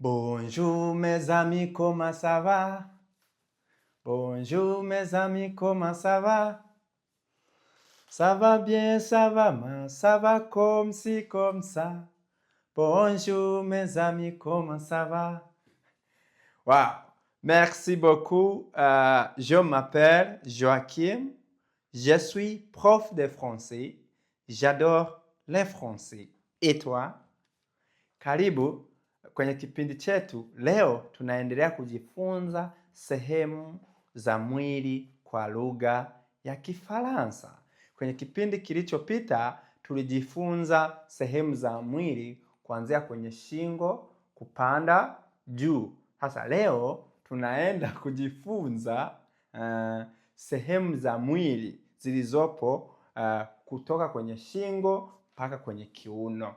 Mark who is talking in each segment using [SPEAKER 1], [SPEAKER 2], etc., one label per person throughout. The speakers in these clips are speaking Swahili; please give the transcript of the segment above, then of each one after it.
[SPEAKER 1] Bonjour mes amis, comment ça va? Bonjour mes amis, comment ça va? Ça va bien, ça va mal, ça va comme ci, comme ça. Bonjour mes amis, comment ça va? Wow! Merci beaucoup. Euh, je m'appelle Joachim. Je suis prof de français. J'adore les français. Et toi? Caribou. Kwenye kipindi chetu leo tunaendelea kujifunza sehemu za mwili kwa lugha ya Kifaransa. Kwenye kipindi kilichopita tulijifunza sehemu za mwili kuanzia kwenye shingo kupanda juu. Sasa leo tunaenda kujifunza uh, sehemu za mwili zilizopo uh, kutoka kwenye shingo mpaka kwenye kiuno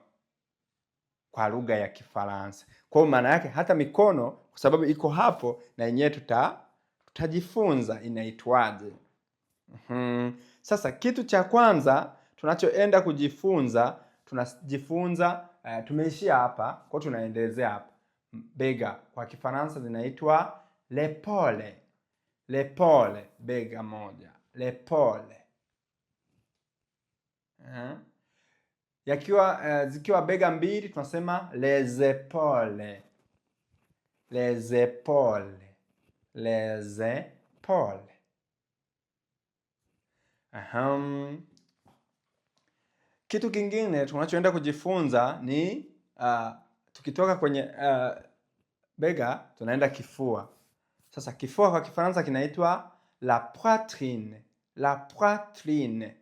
[SPEAKER 1] kwa lugha ya Kifaransa. Kwa hiyo maana yake hata mikono kwa sababu iko hapo na yenyewe tuta tutajifunza inaitwaje. Mm-hmm. Sasa kitu cha kwanza tunachoenda kujifunza tunajifunza, uh, tumeishia hapa, kwa tunaendelezea hapa. Bega kwa Kifaransa zinaitwa lepole. Lepole, bega moja, lepole. Uh-huh. Eh? yakiwa uh, zikiwa bega mbili tunasema les épaules. Les épaules. Les épaules. Aham. Kitu kingine tunachoenda kujifunza ni uh, tukitoka kwenye uh, bega tunaenda kifua. Sasa kifua kwa Kifaransa kinaitwa la poitrine. La poitrine.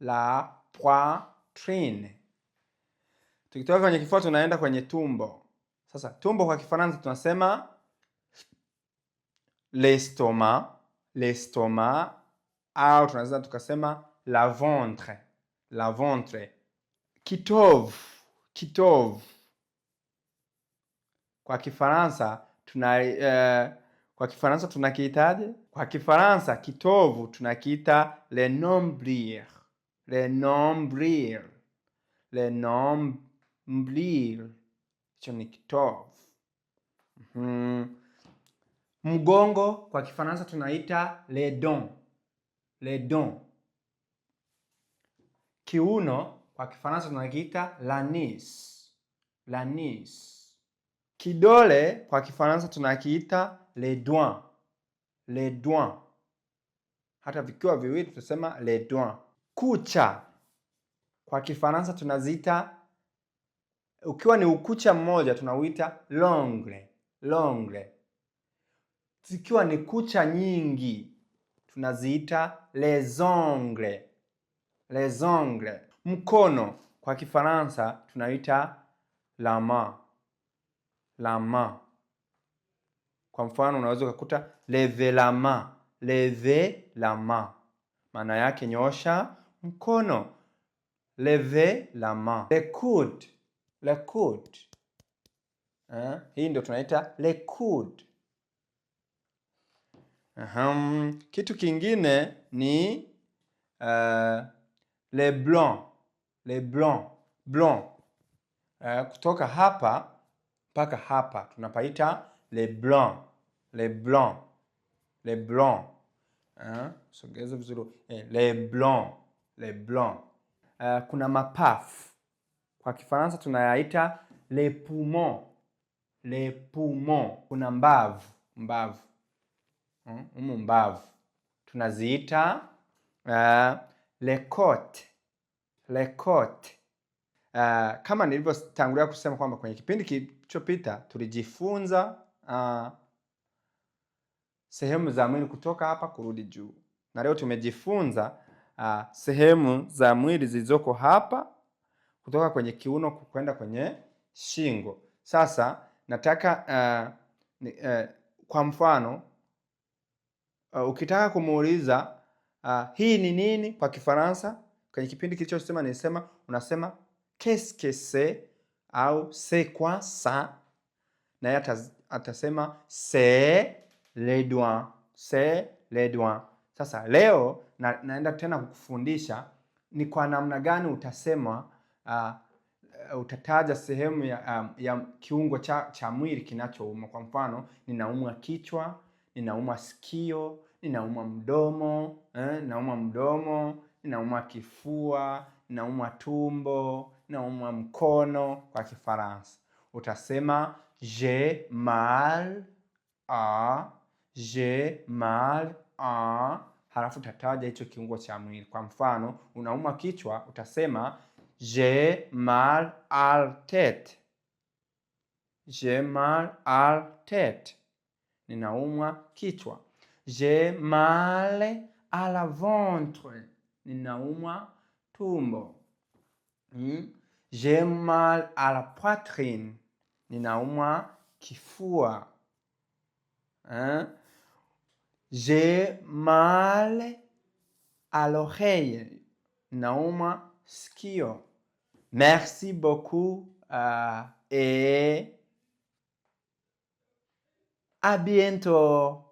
[SPEAKER 1] La poitrine train. Tukitoka kwenye kifua tunaenda kwenye tumbo. Sasa tumbo kwa Kifaransa tunasema l'estomac, l'estomac au tunaweza tukasema la ventre, la ventre. Kitovu, kitovu kwa Kifaransa tuna uh, kwa Kifaransa tunakiitaje? Kwa Kifaransa kitovu tunakiita le nombril le nombril, le nombril, hicho ni kitovu. Mm-hmm. Mgongo kwa Kifaransa tunaita le don, le don. Kiuno kwa Kifaransa tunakiita lanis, lanis. Kidole kwa Kifaransa tunakiita le doigt, le doigt. Hata vikiwa viwili tutasema le doigt kucha kwa Kifaransa tunaziita, ukiwa ni ukucha mmoja tunauita longle, longle. Zikiwa ni kucha nyingi tunaziita les ongles, les ongles. Mkono kwa Kifaransa tunaita la main, la main. Kwa mfano unaweza ukakuta leve la main, leve la main, maana yake nyosha mkono. Levez la main. Le coude, le coude. Uh, hii ndio tunaita le coude. Uhum. Kitu kingine ni uh, le blanc, le blanc, blanc. Uh, kutoka hapa mpaka hapa tunapaita le blanc, le blanc, le blanc. Eh, sogeza vizuri le blanc le blanc. Uh, eh, kuna mapafu kwa Kifaransa tunayaita le poumon, le poumon. Kuna mbavu, mbavu hmm, humu hmm? Mbavu tunaziita uh, le cote, le cote. Uh, eh, kama nilivyotangulia kusema kwamba kwenye kipindi kilichopita tulijifunza uh, sehemu za mwili kutoka hapa kurudi juu, na leo tumejifunza uh, sehemu za mwili zilizoko hapa kutoka kwenye kiuno kwenda kwenye shingo. Sasa nataka uh, ni, uh, kwa mfano uh, ukitaka kumuuliza uh, hii ni nini kwa Kifaransa, kwenye kipindi kilichosema nilisema unasema qu'est-ce que c'est au c'est quoi ça, naye atasema c'est les doigts, c'est les doigts. Sasa leo na naenda tena kukufundisha ni kwa namna gani utasema uh, utataja sehemu ya, um, ya kiungo cha, cha mwili kinachouma. Kwa mfano, ninaumwa kichwa, ninaumwa sikio, ninaumwa mdomo eh, ninaumwa mdomo, ninaumwa kifua, ninaumwa tumbo, ninaumwa mkono. Kwa Kifaransa utasema je mal a je mal a halafu utataja hicho kiungo cha mwili. Kwa mfano, unauma kichwa, utasema je mal al tet, je mal al tet, ninaumwa kichwa. Je mal a la ventre, ninaumwa tumbo. Hmm? Je mal a la poitrine, ninaumwa kifua. Hmm? J'ai mal à l'oreille. Nauma Skio. Merci beaucoup euh, et à bientôt.